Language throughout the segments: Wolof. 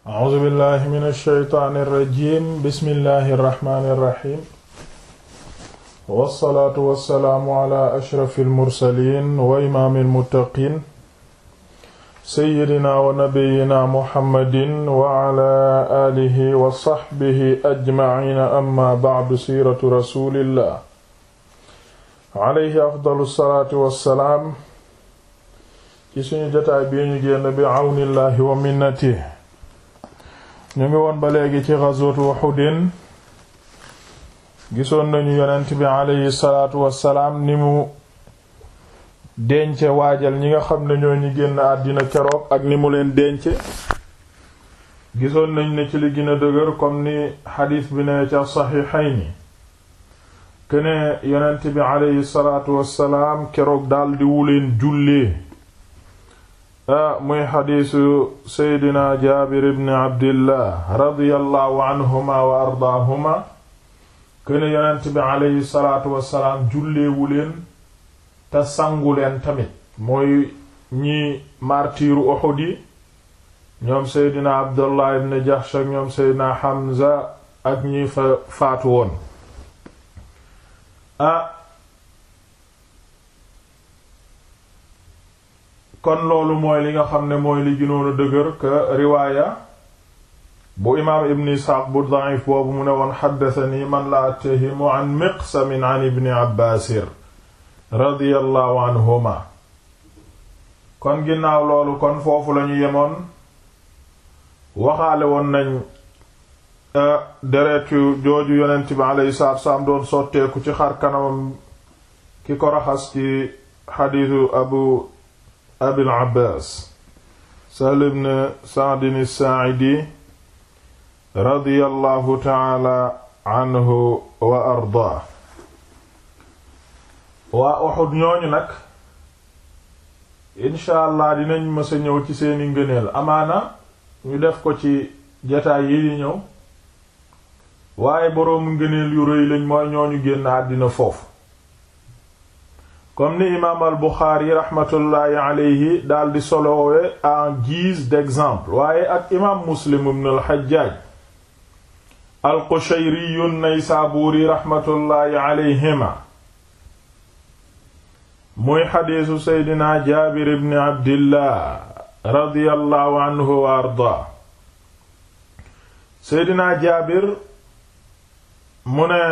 a'uuzu billahi mina shaytaani rajiim bismillahi rahmaani rahiim. wasalaatu wasalaamu ala ashrafil mursaliin wa imaamil muttaqiin. sayyidina wa nabiyyina muhammadin wa ala aalihi wa saxbihi ajmaciina amma bacdu siiratu rasuulillah. alayhi afdalu salaatu wa salaam. ci suñu jotaay bi ñu génn bi awnillahi wa minnatihi ñu ngi woon ba léegi ci rasotu ghazwatu Uhudin gisoon nañu yonent bi aleyhi salaatu wassalaam ni mu dence waajal ñi nga xam ne ñoo ñi génn àddina keroog ak ni mu leen dence gisoon nañ ne ci li gën a dëgër comme ni xadiis bi ne ca saxiixayni kene yonent bi aleyhi salaatu wassalaam keroog daldi wuleen jullee Ah, muy xadiisu seydina jaabir ibn abdillah radiyallahu anhuma wa ardaahuma këne yonent bi aleyhi salaatu wassalaam julleewu leen te tamit mooy ñi martiiru Uhud ñoom seydina abdullah ibn jahsh ñoom seydina hamza ak ñi fa faatu woon ah, kon loolu mooy li nga xam ne mooy li gënoon a dëgër que riwaaya bu imaam ibn isxaaq bu da'if boobu mu ne woon xaddasani man laa attahimu an miqsamin an ibni abbaasir radiyallahu anhuma kon ginnaaw loolu kon foofu lañu yemoon waxaale woon nañ euh, deretu jooju yonent bi alayhi salaatu doon sotteeku ci xar kanamam ki ko raxas ci xadiisu abu abil abbaas sahl ibn saadin saaidi radiyallahu taala anhu wa ardaa waa Uhud ñooñu nag incha allah dinañ mësa ñëw ci seeni ngëneel amaana ñu def ko ci jataay yi ñëw waaye boroom ngëneel yu rëy lañ mooy ñooñu génn àddina foofu comme ni imaam al Buxaari raxmatullaahi aleyhi daal di solowee en guise d'exemple waaye ak imaam Muslim ibn al Hajjaaj al Qushayri an-Naysaabuuri raxmatullaahi aleyhima muy xadiisu seydina Jaabir ibn Abdillah radiyallaahu anhu wa ardaa seydina Jaabir mu ne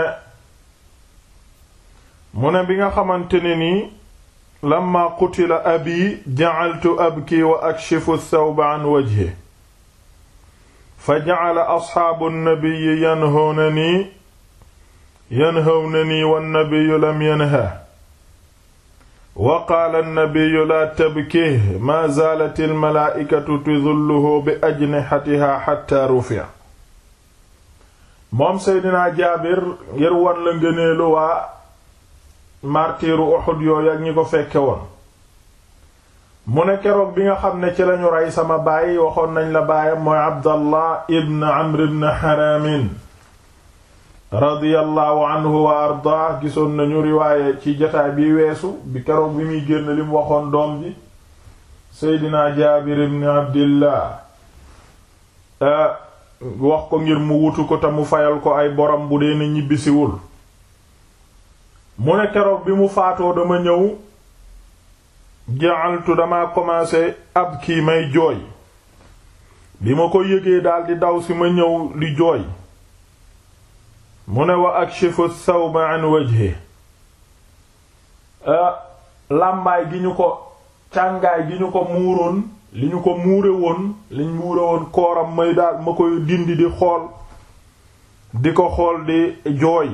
mu ne bi nga xamante ne nii lamma qutila abi ja'altu abki wa akshifu thawba an wajhi fa ja'ala asxaabu nnabiyi yanhawnanii yanhawnanii wannabiyu lam yanha wa qaala nnabiyu laa tabkih maa zaalat almalaa'ikatu tudulluhu bi ajnihatihaa xatta rufi'a moom seydinaa jaabir ngir wan la ngëneelu waa martiru Uhud yooyu ak ñi ko fekke woon mu ne keroog bi nga xam ne ci lañu rey sama baay waxoon nañ la baayam mooy Abdallah ibn Amr ibn Haramin radiyallahu anhu wa ardaa gisoon nañu riwaaye ci jataay bi weesu bi keroog bi muy génn lim waxoon doom bi seydina Jaabir ibn Abdillah eh, wax ko ngir mu wutu ko te mu fayal ko ay borom bu dee ñibbisiwul mu ne keroog bi mu faatoo dama ñëw ja'altu dama commencé ab kii may jooy bi ma ko yëgee daldi daw si ma ñëw di jooy mu ne wa akshifu thawba an wajhi ah, làmbaay gi ñu ko càngaay gi ñu ko muuroon li ñu ko muure woon liñ muure woon kooram may daal ma koy dindi di xool di ko xool di jooy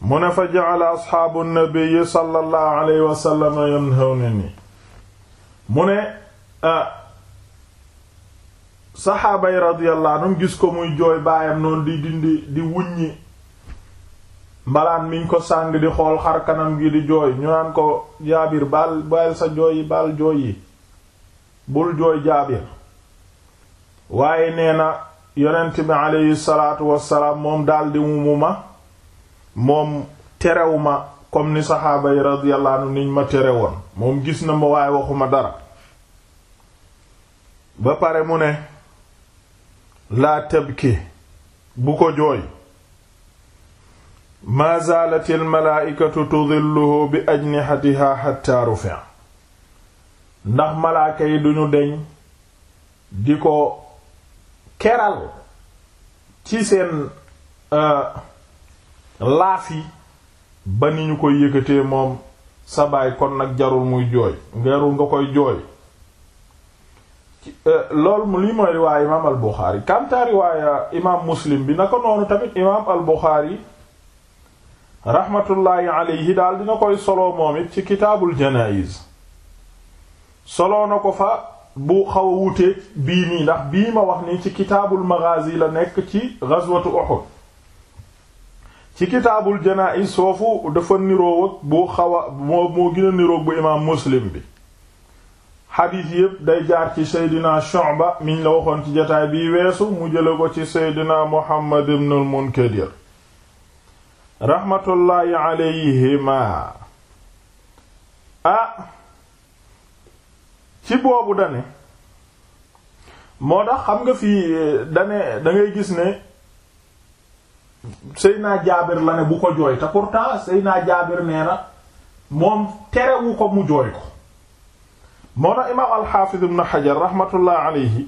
mu ne fa ja'ala asxaabu nabi sallallahu alayhi wa sallam yanhawnani mu ne saxaaba yi radiyallahu anhum gis ko muy jooy baayam noonu di dindi di wuññi mbalaan miñ ko sàng di xool xar kanam gi di jooy ñu naan ko jaabir baal baal sa jooy baal jooy yi bul jooy jaabir waaye nee na yonent bi alayhi salaatu wassalaam moom daldi mu ma moom terew ma comme ni saxaaba yi radiyallahu anhu ma tere woon moom gis na ma waaye waxuma dara ba pare mu ne laa tabki bu ko jooy maa zaalat almalaaikatu tudilluhu bi ajnihatiha hatta rufi'a ndax malaaka yi duñu deñ di ko keral ci seen euh, laaf yi ba ni ñu koy yëkkatee moom sa baay kon nag jarul muy jooy ngerul nga koy jooy euh, loolu li mooy riwaaya imaam al Buxaari kanta riwaaya imaam Muslim bi naka noonu tamit imaam al Buxaari raxmatullaahi alayhi daal dina koy solo moom it ci kitaabul janaayiz solo na ko fa bu xaw a wuteeg bii nii ndax bii ma wax nii ci kitaabul maghaazi la nekk ci ghazwatu Uhud ci kitaabul janaa'iz foofu dafa niroo ak boo moo moo gën a bu imaam muslim bi xadiis yépp day jaar ci seydina Shu'ba miñ la waxoon ci jataay biy weesu mu jële ko ci seydina Muhammad ibn al-Munkadir raxmatullaahi alayhima ah ci boobu dane moo tax xam nga fii eh, dane da gis ne Seydina Jaabir la ne bu ko jooy te pourtant Seydina Jaabir nee na moom terewu ko mu jooy ko moo na imaam al-Hafiz ibn Hajar rahmatullah alayhi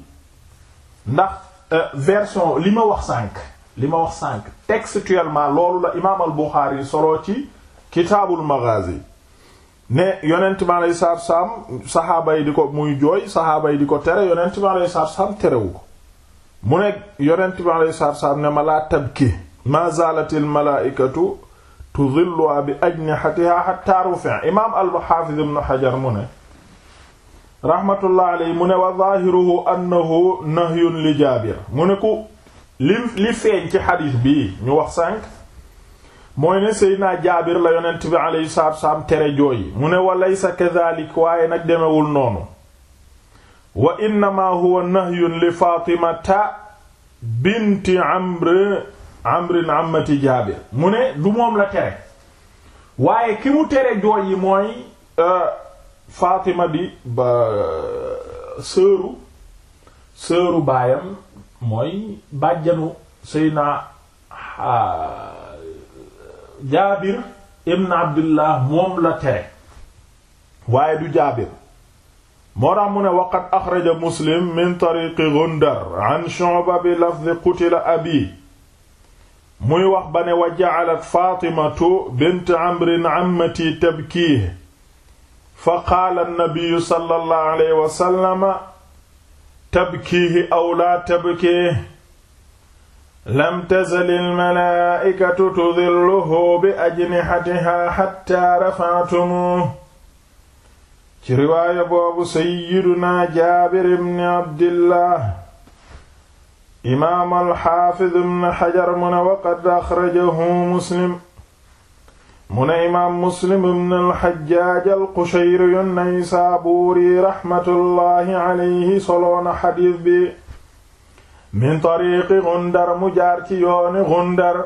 ndax euh, version li ma wax sànq li ma wax sànq textuellement loolu la imaam al-Bukhari solo ci kitaabul Maghazi ne yonent mi aleyhi salaatu salaam saxaaba yi di ko muy jooy saxaaba yi di ko tere yonent mi aleyhi salaatu salaam terewu ko mu ne yonent mi aleyhi salaatu salaam ne ma laa tabki ma zaalat al malaaikatu tudilluha bi ajnihatiha hatta rufi'a imaam al-Haafiz ibn Hajar mu ne rahmatullah alayhi mu ne wa zaahiruhu annahu nahyun li Jaabir mu ne ku li li feeñ ci xadiis bi ñu wax sànq mooy ne Seydina Jaabir la yonent bi alayhi salaatu wasalaam tere jooyi mu ne wa laysa kadhalik waaye nag demewul noonu wa innama huwa nahyun li Faatimata binti Amr amrin amati jaabir mu ne du moom la tere waaye ki mu tere jooy yi mooy euh, Fatima di ba euh, sëru sëru baayam mooy bàjjanu Seyna Jaabir ibn Abdullah moom la tere waaye du Jaabir moo tax mu ne waqad axraja Muslim min tariqi Gundar an Shu'ba bi lafzi qutila abi muy wax ba ne wa ja'alat faatimatu bint amrin ammati tabkiih fa qaala annabiyu sallallahu alayhi wa sallam tabkiihi aw laa tabkiih lam tazal almalaa'ikatu tudilluhu bi ajnihatihaa hattaa rafa'tumuuhu ci riwaaya boobu sayyidunaa jaabir ibn abdillah imaam alxaafid ibn xajar mu ne waqad axrajahu muslim mu ne imaam muslim ibn alxajjaaj alqushayri an-naysaabuuri raxmatullaahi aleyhi soloona xadiis bi min tariiqi gundar mu jaar ci yooni gundar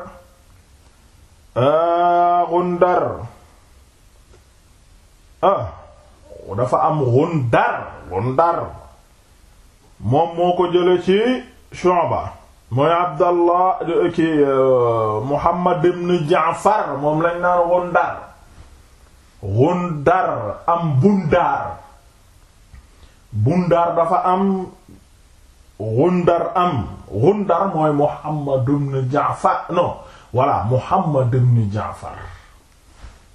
a ah, gundar ah dafa am gundar gundar moom moo ko jële ci Shu'ba mooy Abdallah ki euh, Muhammad ibn Jaafar moom lay naan Ghundar Ghundar am Bundar Bundar dafa am Ghundar am Ghundar mooy Muhammad ibn Jaafar non voilà Muhammad ibn Jaafar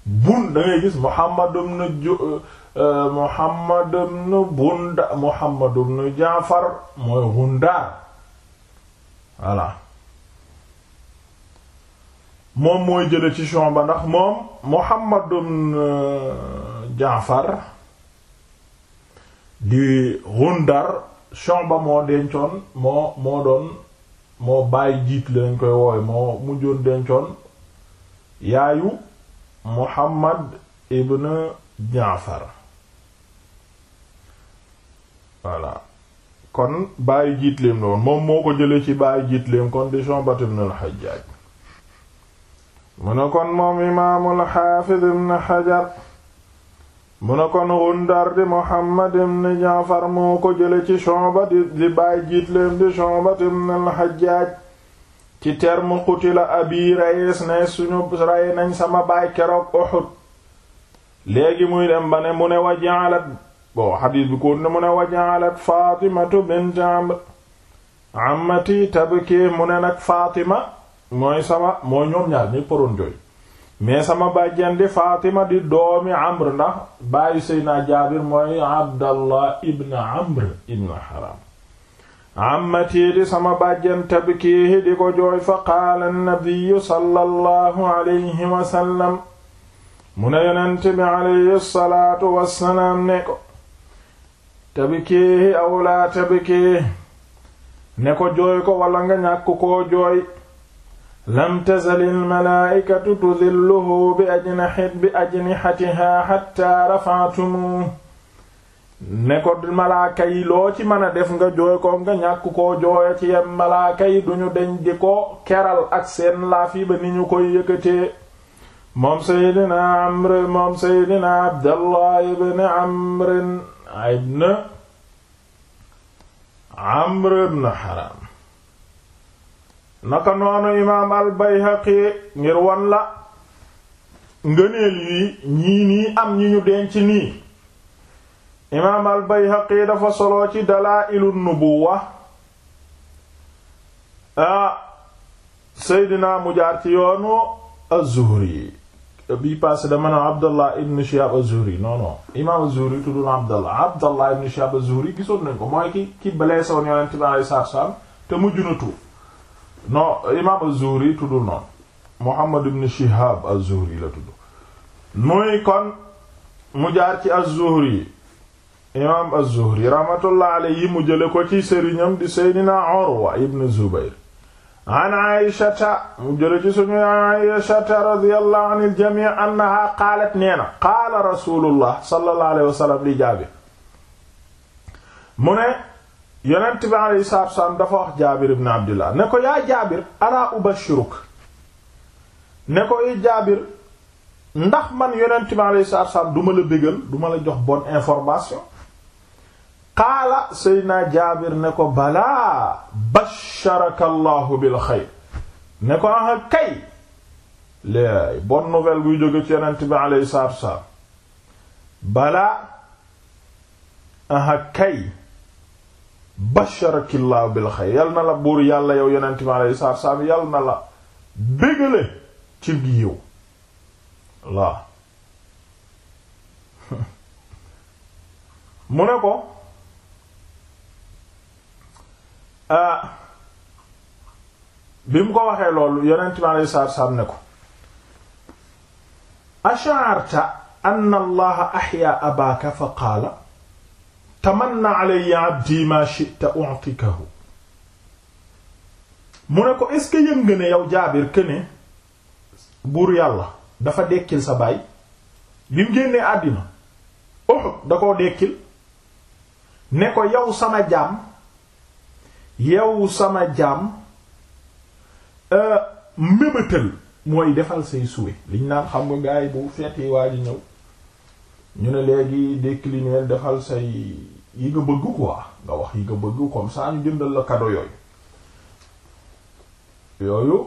bun da gis Muhammad ibn euh, euh, Muhammad ibn Bundar mooy Ghundar voilà moom mooy jële ci Shu'ba ndax moom Muhammad ibn euh, Jaafar di Gundar Shu'ba moo dencoon moo moo doon moo bàyyi jiit lañ koy woowe moo mujjoon dencoon yaayu Muhammad ibn Jaafar voilà kon bàyyi jiitleem la moom moo ko jële ci bàyyi jiitleem kon di Shu'bat ibn al-Hajjaj mu ne kon moom imaamul xaafiz ibn Hajar mu ne kon Gundar di Muhammad ibn moo ko jële ci Shu'ba di bàyyi jiitleem di Shu'bat ibn al-Hajjaj ci terme qutila abi rayes ne suñu rey nañ sama baay keroog Uhud léegi muy dem ba ne mu ne wa ja'alat bon xadiis mu ne wajaalat fatimatu bint amr amati tabki mu ne nag fatima mooy sama mooy ñoom ñaar ñi poroon jooy mais sama bàjjen di di doomi amr ndax bàyyi seydna jaabir mooy abdallah ibn amr ibn haram amati di sama bàjjen tabkihi di ko jooy fa qaala annabiyu sallallahu alayhi wasallam mu ne yonent bi alayhi salaatu wassalaam ne tabkiihi aw laa tabkiihi ne ko jooy ko walla nga ñàkk koo jooy lam tazal almalaa'ikatu tudilluhu bi ajnihati bi ajnihatihaa xattaa rafa'tumu ne ko malaaka yi loo ci mën a def nga jooy ko nga ñàkk ko jooya ci yem malaaka yi duñu deñ di ko keral ak seen laaf yi ba ni ñu koy yëkkatee moom seydina amr moom seydina abdallah ibn amrin ibn amr ibn haram naka noonu imaam al bayhaqi ngir wan la ngëneel yi ñii nii am ñi ñu denc nii imaam al bayhaqi dafa solo ci dalaa'ilu nubuwa a ah, seydina mu jaar ci yoonu az-zuhri bii passé dama ne Abdallah ibn Shihab az-Zuhri non non imaam az-Zuhri tuddul Abdallah Abdallah ibn Shihab az-Zuhri gisoon nañ ko mooy ki ki blessé woon Yonent bi alayhi salaatu salaam te mujj na tuub non imaam az-Zuhri tuddul noonu Muhammad ibn Shihab az-Zuhri la jaar ci az-Zuhri imaam az-Zuhri rahmatullah alayhi mu jële ko ci sëriñam di Seydina Urwa ibn Zubayr an aishata mu jële ci suñu aishata radiyallahu anil jamii annaha qaalat nee na qaala rasulullah sallallahu alayhi wa li jaabir mu ne yonent bi alayhi salaatu wa salaam dafa wax jaabir ibn abdullah ne ko yaa jaabir alaa ubashiruk ne ko i jaabir ndax man yonent bi alayhi salaatu wa salaam duma la bégal duma la jox bonne information qaala seydna jaabir ne ko balaa basharaka allahu bil xayr ne ko ah kay laay bonne nouvelle buy jóge ci yonent bi alayhi salaatu balaa ah kay basharaka allahu bil xayr yal na la buur yàlla yow yonent bi alayhi salaatu yal na la bégale ci yiw laa mu ne ko Ah. bi mu ko waxee loolu yonent bi alayhi salaatu salaam ne ko ash'arta anna allaha ahya abaka fa qaala tamanna alayya abdi ma shi'ta u'tikahu mu ne ko est-ce que yëm nga ne yow jaabir que buur yàlla dafa dekkil sa baay bi mu génnee àddina Uhud da koo dekkil ne ko yow sama jaam yow sama jaam euh, mébétal mooy defal say souhait liñ naan xam nga gaay yi bu feeti waa ji ñëw ñu ne léegi décliner defal say yi nga bëgg quoi nga wax yi nga bëgg comme ça ñu jëndal la cadeau yooyu yooyu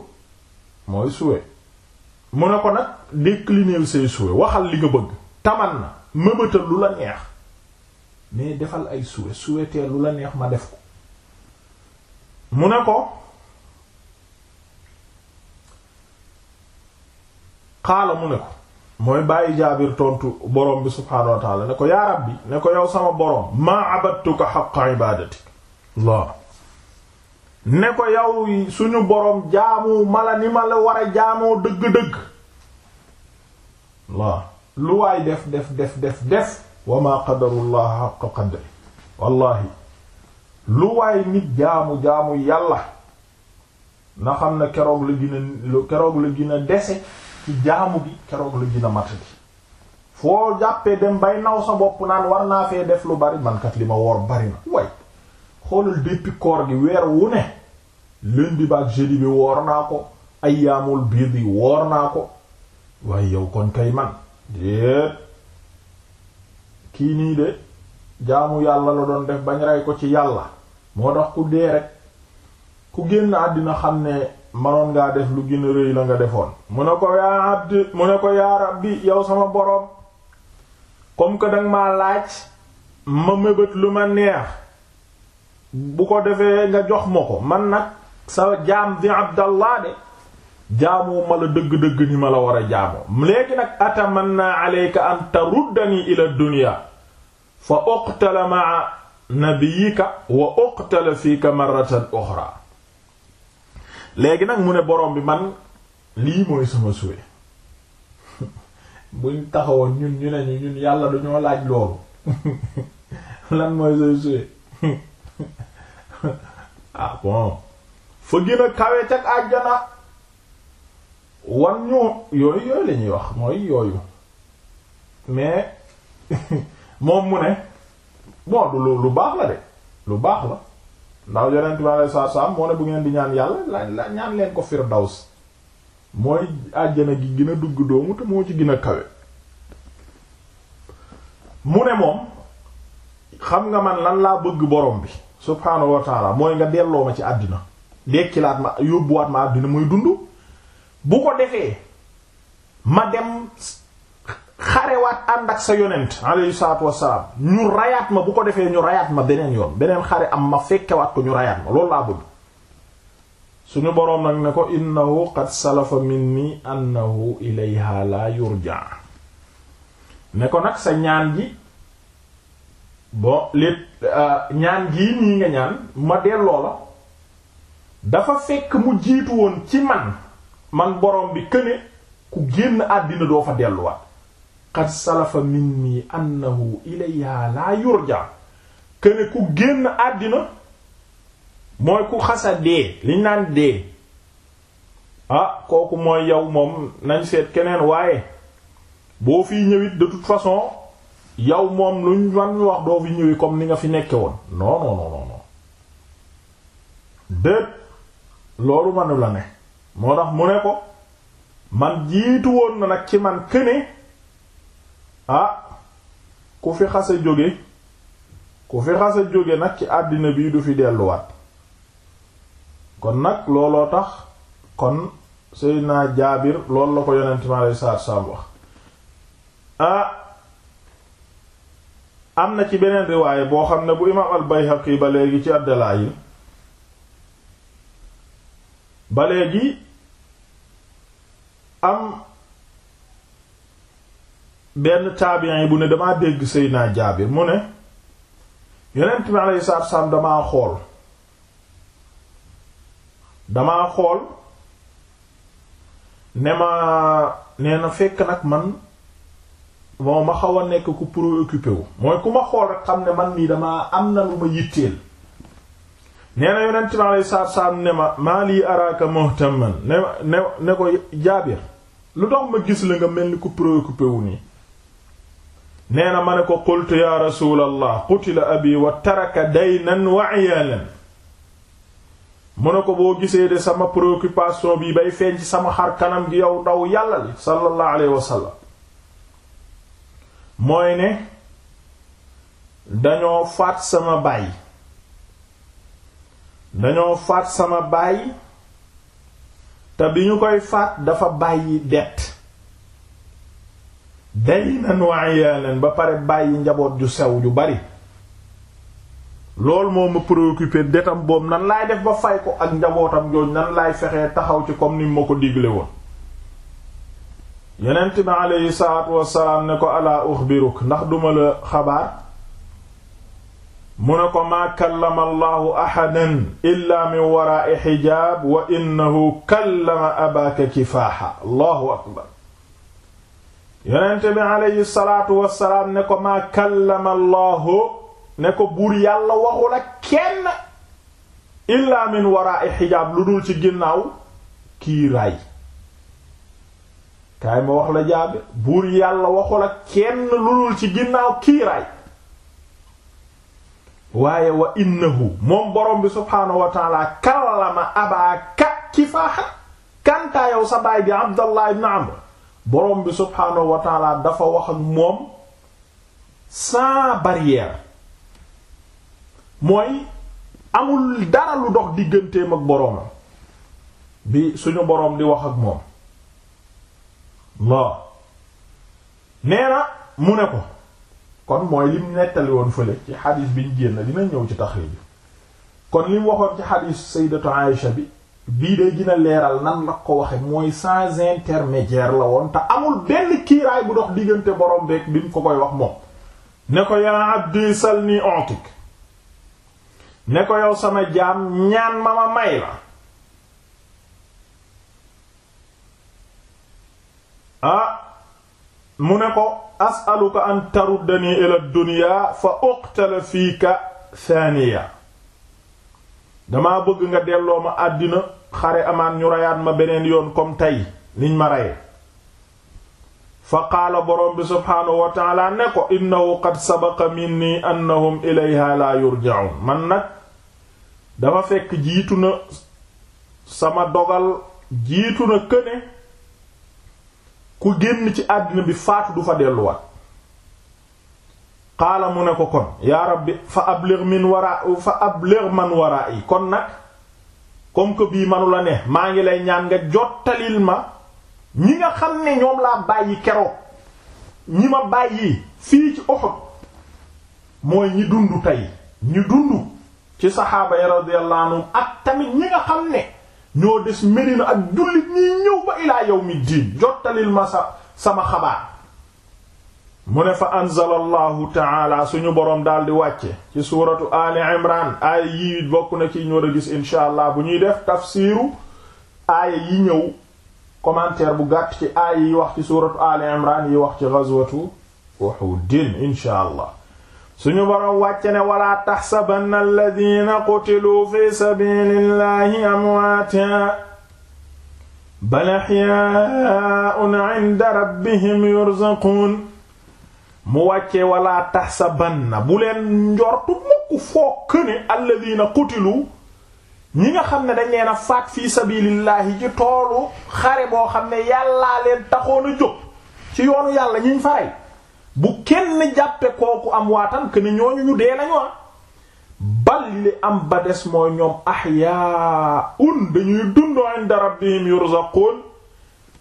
mooy souhait mu ne ko nag décliner say souhait waxal li nga bëgg taman na mébétal lu la neex mais defal ay souhait souhaiter lu la neex ma def ko mu ne ko xaala mu ne ko mooy bàyyi jaabir tontu borom bi subhaanahu wa ne ko yaa rabbi ne ko yow sama borom maa abadtuka haqqa ibadati Allah ne ko yow suñu borom jaamu mala ni ma la war a jaamoo dëgg-dëgg waa lu waay def def def def def wa maa qadarullaha haqqa qadri wallahi lu waay nit jaamu jaamu yàlla na xam na keroog la gën a keroog la gën dese ci jaamu bi keroog la gën a foo jàppee dem bay naw sa bopp naan war naa fee def lu bari mankat li ma woor bari na way xoolal depuis koor gi weer wu ne lundi ba ak jeudi bi woor naa ko ayyaamul biir bi woor naa ko waaye yow kon kay man déet kii nii de jaamu yàlla la doon def bañ rey ko ci yàlla moo dax ku dee rek ku génn àddina xam ne manoon ngaa def lu gën a rëy la nga defoon mu ne ko yaa abdi mu ne ko yaa rabbi yow sama boroom comme que danga ma laaj ma mébét lu ma neex bu ko defee nga jox ma ko man nag sa jaam di abdallah de jaamoo ma la dëgg-dëgg ni ma la war a jaamoo léegi nag atamanna alayka an taruddani ila dunya fa uqtala ma'a nabiyyika wa uqtala fiika marratan uxra léegi nag mu ne borom bi man lii mooy sama suwe buñ taxawoon ñun ñu ne ñun yàlla dañoo laaj loolu lan mooy sa suwe ah bon fa gën a ca àjjana wan ñu yooyu yooyu lañuy wax mooy yooyu mais moom mu ne bon du lu baax la de lu baax la ndax yonent bi alayhi salaatu saa moo ne bu ngeen di ñaan yàlla la ñaan leen ko firdaws mooy àjjana gi gën a dugg doomu te moo ci gën a kawe mu ne moom xam nga man lan laa bëgg borom bi subhaanahu wa taala mooy nga delloo ma ci àddina dekkilaat ma yóbbuwaat ma àddina muy dund bu ko defee ma dem xarewaat ànd ak sa yonent alayhi salaatu wassalaam ñu ma bu ko defee ñu rayaat ma beneen yoon beneen xare am ma fekkewaat ko ñu rayaat ma loolu laa bëgg suñu boroom nag ne ko innahu qad salafa minni annahu ilayha la yurja ne ko nag sa ñaan ji bon lépp euh, ñaan gii nii nga ñaan ma delloo la dafa fekk mu jiitu woon ci man man boroom bi këne ku génn àddina doo fa delluwaat qad salafa minni annahu ilayha la yurja kene ku génn àddina mooy ku xasa dee liñ naan dee ah kooku mooy yow moom nañ seet keneen waaye boo fi ñëwit de toute façon yow moom luñ man wax doo fi ñëwi comme ni nga fi nekke woon non non non loolu manu la ne moo tax mu ne ko man jiitu woon na nag ci man këne ah ku fi xas a jóge ku fi xas a jóge nag ci àddina bii du fi delluwaat kon nag looloo tax kon Seydina Jaabir lool la ko yonent mi aleyhi salaatu salaam wax ah am na ci beneen riwaaye boo xam ne bu imaam al-Bayhaqi ba léegi ci ad ba léegi am benn taabiyen bu ne damaa dégg naa Jaabir mu ne yonent bi alayhi salaatu salaam damaa xool damaa xool ne ma ne na fekk nag man bon ma xaw a nekk ku préoccupé wu mooy ku ma xool rek xam ne man nii damaa am na lu ma yitteel nee na yonent bi alayhi salaatu salaam ne ma maa lii araaka muhtaman ne ne ne ko Jaabir lu tax ma gis la nga mel ni ku préoccupé wu nii nee na ma ne ko qultu ya la qutila abi wa taraka daynan nen iyaalan mu ne ko boo gisee de sama préoccupation bi bay feeñ sama xar kanam gi yow ndaw yàlla li sallallahu alayhi wa sallam mooy ne dañoo faat sama baay dañoo faat sama baay te bi ñu koy faat dafa bàyyi det daynan wa iyaalan ba pare bàyyi njaboot ju sew ju bari loolu moo ma préoccupé detam boobu nan laay def ba fay ko ak njabootam jooju nan laay fexee taxaw ci comme ni ma ko digle woon yonent bi aleyhi salaatu wasalaam ne ko alaa uxbiruk ndax duma la xabaar mu ne ko maa kallama allahu ahadan illa min waraai xijaab wa innahu kallama abaaka kifaaxa allahu akbar yonente bi aleyhi salaatu salaam ne ko maa kallama allahu ne ko buur yàlla waxu la kenn illaa min wara'i xijaab lu dul ci ginnaaw kii raay kaay ma wax la jaabe buur yàlla waxu la kenn lu dul ci ginnaaw kii raay waaye wa innahu moom borom bi subhaanahu wa kallama abaa ka kifaaxa kantaa yow sa baay bi abdallah ibn amr boroom bi subhaanahu wa taala dafa wax ak moom sans barrière mooy amul dara lu dox digganteem ak boroomam bi suñu boroom di wax ak moom waaw nee na mu ne ko kon mooy lim nettali woon fële ci xadiis bi ñu génn dina ñëw ci tax taxriij kon lim waxoon ci xadiis sayyidatu Aïsha bi bii day gën leeral nan la ko waxe mooy sans intermédiaire la woon te amul benn kiiraay bu dox diggante borom beeg bi mu ko koy wax moom ne ko yaa abdi salni ontik ne ko yow sama jaam ñaan ma ma may la ah mu ne ko as'aluka an taruddani ila dunya fa uqtala fiika thaniya dama bëgg nga delloo ma àddina xare amaan ñu reyaat ma beneen yoon comme tey niñ ma reye fa qaala borom bi subhaanahu wa ne ko innahu qad sabaqa minni annahum ilayha la yurja'un man nag dama fekk jiitu na sama dogal jiitu na këne ku génn ci àddina bi faat du fa delluwa qaala mu ne ko kon yaa rabbi fa ablir min wara fa ablir man wara yi kon nag comme que bii manu ne maa ngi lay ñaan nga jottalil ma ñi nga xam ne ñoom laa bàyyi keroog ñi ma bàyyi fii ci Uhud mooy ñi dund tey ñi dund ci saxaaba yi ak tamit ñi nga xam ne ñoo des Medina ak jullit ñi ñëw ba ilaa yawmi diin jottalil ma sa sama xabaar mu ne fa anzala allahu taala suñu boroom daal di wàcce ci suuratu ali imran aaya yi bokk na ci ñu war a gis insha allah bu ñuy def tafsiiru aaya yi ñëw commentaire bu gàtt ci aaya yi wax ci suuratu ali imran yi wax ci ghazwatu uhudin insha allah suñu boroom wàcce ne walaa taxsabanna alladina qutiluu fi sabilillahi amwaata bal ahyaa'un 'inda rabbihim yurzaquun mu wàccee wala tahsabanna bu leen njortu mukk foo këne alladina qutilu ñi nga xam ne dañ leen a faat fi sabilillahi ci toolu xare boo xam ne yàllaa leen taxoon a jóg ci yoonu yàlla ñu faray bu kenn jàppe kooku am waatan këne ñooñu ñu dee nañu ah bal li am ba des mooy ñoom ahyaa un dañuy dundoo inda rabbihim yurzaqun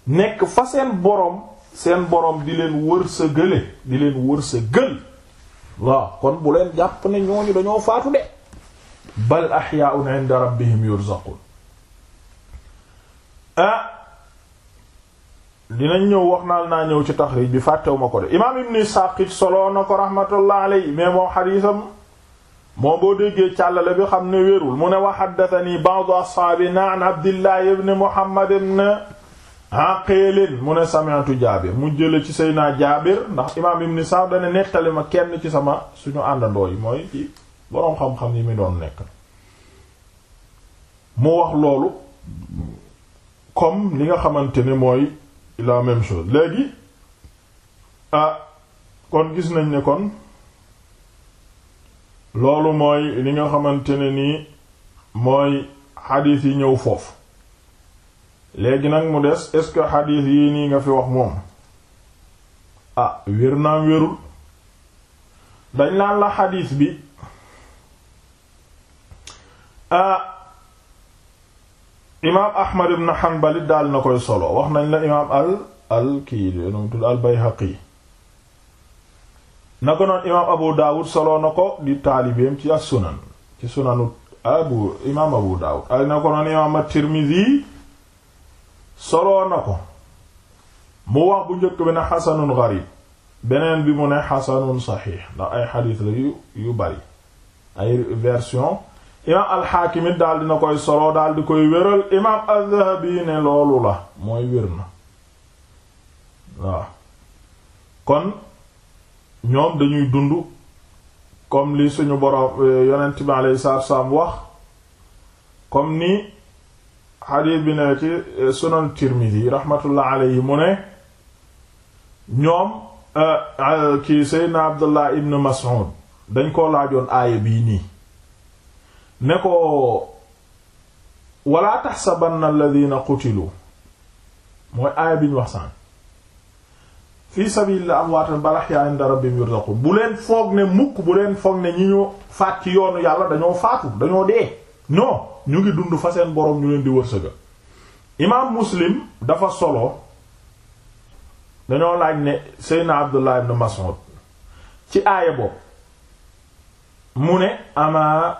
nekk fa seen boroom seen borom di leen wër sa di leen wër sa gël kon bu leen jàpp ne ñooñu dañoo faatu de bal ahyaa'un 'inda rabbihim yurzaqun ah dinañ ñëw wax naal naa ñëw ci taxriij bi fàttewu ma ko de imaam ibn Isaaq solo na ko rahmatullah alayhi mais moo xadiisam moo boo déggee càllale bi xam ne wérul mu ne wa haddathanii ba'du ashaabinaa an Abdillah ibn Muhammad haqilin mu ne sami'tu jaabir mu jële ci naa jaabir ndax imaam ibn saa dana nettali ma kenn ci sama suñu àndandoo yi mooy ci boroom xam-xam yi mi doon nekk mu wax loolu comme li nga xamante ne mooy la même chose léegi ah, kon gis nañ ne kon loolu mooy li nga xamante ne nii mooy xadiis yi ñëw foofu léegi nag mu des est-ce que xadiis yi nii nga fi wax moom ah wér naam wérul dañ naan la xadiis bi ah imaam Ahmad ibn Hanbal daal na koy solo wax nañ la imaam al al kii denoom tudd al Bayhaqi na ko noon imaam Abu Dawud solo na ko di taalibeem ci as-sunan ci sunanu abu imaam Abu Dawud ay na ko noon imaam at-Tirmidhi solo na ko mu wax bu njëkk bi ne xasanun garib beneen bi mu ne xasanun saxiix ndax ay xadiis la yu yu bari ay version imaam alxaakim it daal dina koy soloo daal di koy wéral imaam az ne loolu la mooy wér na waaw kon ñoom dañuy dund kom li suñu boroom eh, yonent bi alayhi salaatu wa wax comme ni xadiis bi ne ci eh, sunan tirmidi raxmatullah alayhi mu ne ñoom eh, eh, kii seydna abdullah ibn mas'ud dañ koo laajoon aaya bii nii ne ko wala taxsabanna alladina qutilu mooy aaya bi ñu wax sànq fii sabilillah amwaatan bal ahyaa inda rabbihim yurzaqun bu leen foog ne mukk bu leen foog ne ñi ñu faat ci yoonu yàlla dañoo faatu dañoo dee non ñu ngi dund fa seen boroom ñu leen di wërsëga imaam muslim dafa solo dañoo laaj ne seydna abdullah ibn mas'ud ci aaya boobu mu ne ama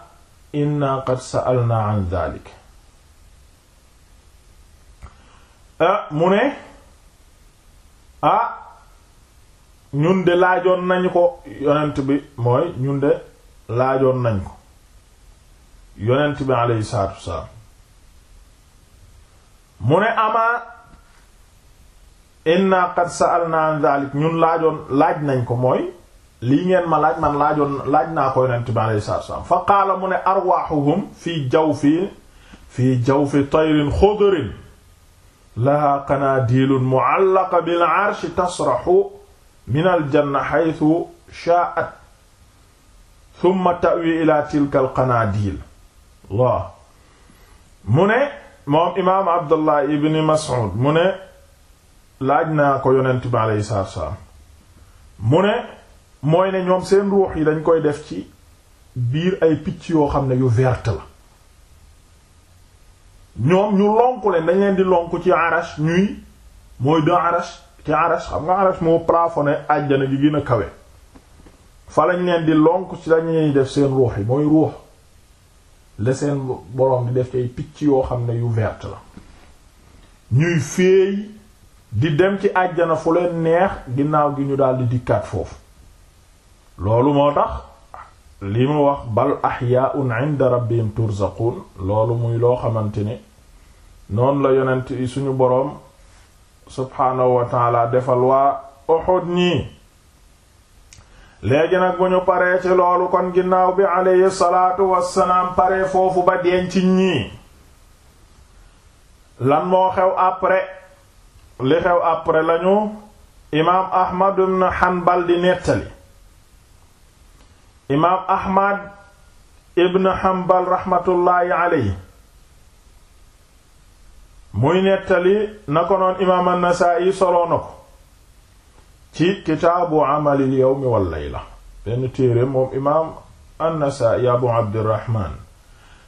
inna qad sa'alna an dhalik ah mu ne ah ñun de laajoon nañu ko yonent bi mooy ñun de laajoon nañ ko yonent bi aleyhi salaatu wasalaam mu ne amaa inna qad sa'alna an dhalik ñun laajoon laaj nañ ko mooy lii ngeen ma laaj man laajoon laaj naa ko yonent bi aleyhi salaatu wasalaam fa qaala mu ne arwaaxuhum fii jawfi fii jawfi tayrin xudrin lahaa qanaadiilun mu'allaqa bil arshi tasraxu min al janna haythu shaa'at thumma ta'wi ila tilka al qanaadiil waaw mu ne moom imaam abdullah ibn mas'ud mu ne laaj naa ko yonent bi aleyhi salaatu salaam mu ne mooy ne ñoom seen ruux yi dañ koy def ci biir ay picc yoo xam ne yu verte la ñoom ñu lonku leen dañ leen di lonku ci arash ñuy mooy de arash ci arash xam nga arash moo plafonné àjjana gi gën a kawe fa lañ leen di lonku ci dañuy def seen ruux yi mooy ruux la seen borom di def ci ay picc yoo xam ne yu verte la ñuy féey di dem ci àjjana fu leen neex ginnaaw gi ñu daldi dikkaat foofu loolu moo tax li mu wax bal ahyaun inda rabbihim turzaqun loolu muy loo xamante ne noonu la yonent suñu boroom subhaanahu wa taala defal waa Uhud ñii léegi nag bu ñu paree ci loolu kon ginnaaw bi aleyhi salaatu wassalaam foofu ba ci ñii lan moo xew après li xew après lañu imaam ahmad ibn hanbal di nettali imaam ahmad ibn hanbal raxmatullaahi aleyhi muy nettali na ko noon imaam an-Nasaa'i soloo ko ci kitaabu amalil yawmi wal layla benn téere moom imaam an-Nasaa'i abu Abdirahmaan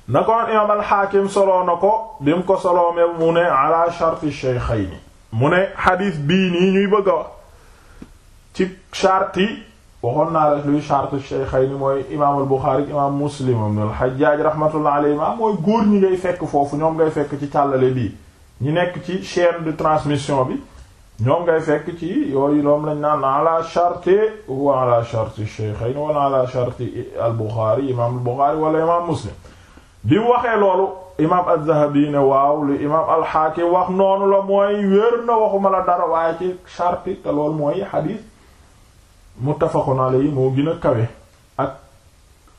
na ko noon imaam al-Haakim soloo na ko bi mu ko soloomee mu ne ala sharti shaykhayni mu ne xadiis bii nii ñuy bëgg a wax ci sharti waxoon naa rek luy sharti shaykhayni mooy imaamul Buxaari imaam Muslim ibn al-Hajjaaj rahmatullahi alayhi ah mooy góor ñi ngay fekk foofu ñoom ngay fekk ci càllale bii ñu nekk ci chaîne de transmission bi ñoom ngay fekk ci yooyu loom lañ naan la sharti huwa ala sharti shaykhayn wala ala sharti al Bukhari imaam al Bukhari wala Muslim bi waxee loolu imaam az-Zahabi ne waaw li imaam hakim wax noonu la mooy wér na waxuma la dara waaye ci sharti te loolu mooy xadiis muttafaqun alayhi moo gën a kawe ak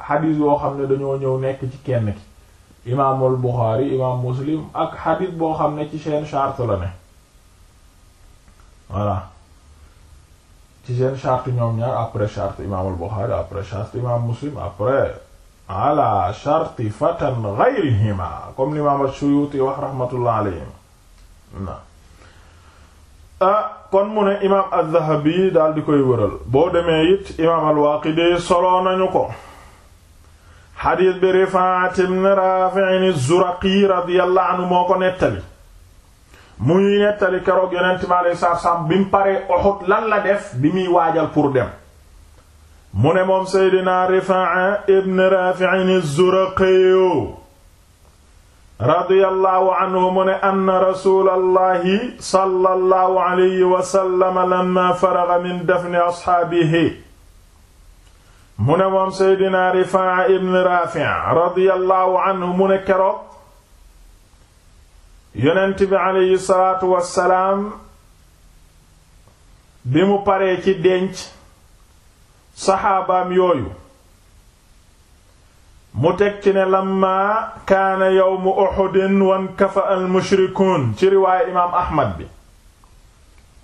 xadiis yoo xam ne dañoo ñëw nekk ci kenn ki imaamul Bukhari imaam Muslim ak xadiis boo xam ne ci seen charte la ne voilà ci seen charte ñoom ñaar après charte imaamul Buxaari après charte imaam Muslim après ala charti fatan gayrihima l'imam Suyuti wax rahmatullah alayhim na ah kon mu ne imaam az koy wëral boo demee it imaam al-Waaqidi soloo nañu ko xadiis bi Rifaa'a ibn Raafi'in az-Zuraqi radiyallahu anhu moo ko nettali mu ñuy nettali keroog yonent bi alayhi salaatu salaam bi mu paree lan la def bi muy waajal pour dem mu ne moom seydina Rifaa ibn Raafi'in az-Zuraqi radiyallahu anhu mu ne anna rasuulallahi sallallahu alayhi wa sallam lamma faraga min dafni ashaabihi mu ne moom seydina Rifaa ibn Raafi'in radiyallahu anhu mu ne keroog yonent bi aleyhi salaatu wassalaam bi mu paree ci denc saxaabaam yooyu mu teg ci ne lamma kaana yawmu uhudin wankafa al mushrikuun ci riwaaye imaam ahmad bi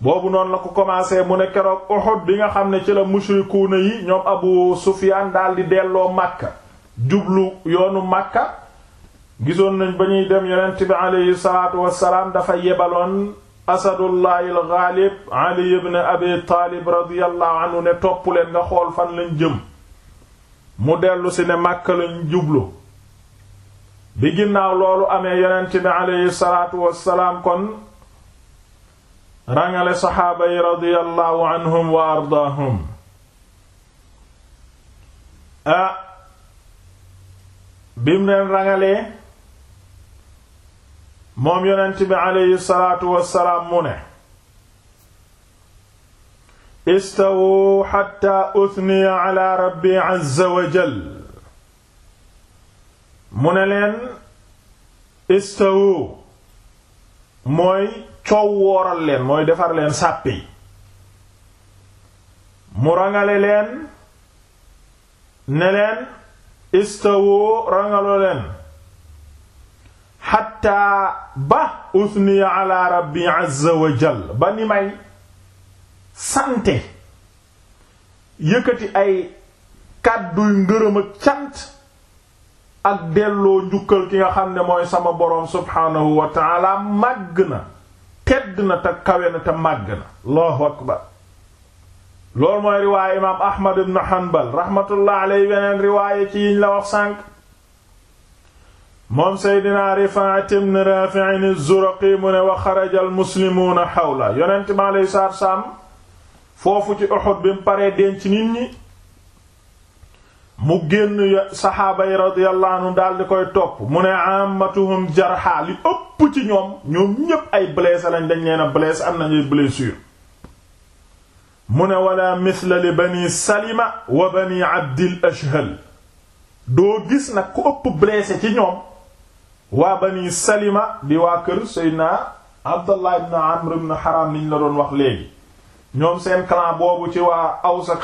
boobu noonu la ko commencé mu ne keroog uhud bi nga xam ne ci la mushrikuuna yi ñoom abu sufyaan daldi delloo màkka jublu yoonu màkka gisoon nañ ba ñuy dem yonent bi aleyhi salaatu wassalaam dafa yebaloon asadullahi alxaalib ali ibn abi radiyallahu anhu ne topp nga xool fan lañ jëm mu dellu si ne màkka lañ jublu bi ginnaaw loolu amee yonent bi aleyhi salaatu wassalaam kon rangale saxaaba yi radiyallahu anhum wa ardaahum ah bim leen rangalee moom yonent bi aleyhi salaatu salaam mu ne istawu xatta uthniya ala rabbi azza wa mu ne leen istawu mooy coow leen mooy defar leen sàppi mu rangale leen ne leen istawu rangalu leen xatta ba usniya ala rabbi ba ni may sante yëkkati ay kàdduy ngërëm ak cant ak delloo njukkal ki nga xam ne mooy sama boroom subhaanahu wa taala màgg na tedd na te kawe na te màgg na allahu mooy riwaayé imaam ahmad ibn hanbal rahmatullah alayhi weneen riwaayé yiñ la wax sànq moom seydinaa Rifaa'a ibn Raafi'in az-Zuraqi mu ne wa xaraja muslimuuna xawla yonent ma lay saar saam foofu ci Uhud bi mu paree denc nit ñi mu génn saxaaba yi radiyallahu anhu daal di koy topp mu ne ammatuhum jarha li ëpp ci ñoom ñoom ñépp ay blessé lañ dañ leen a blessé am nañuy blessure mu ne wala misla li bani salima wa bani abdil ashhal doo gis nag ku ëpp blessé ci ñoom waa bani salima di waa kër seydna abdallah ibn amr ibn haram niñ la doon wax léegi ñoom seen clan boobu ci waa aws ak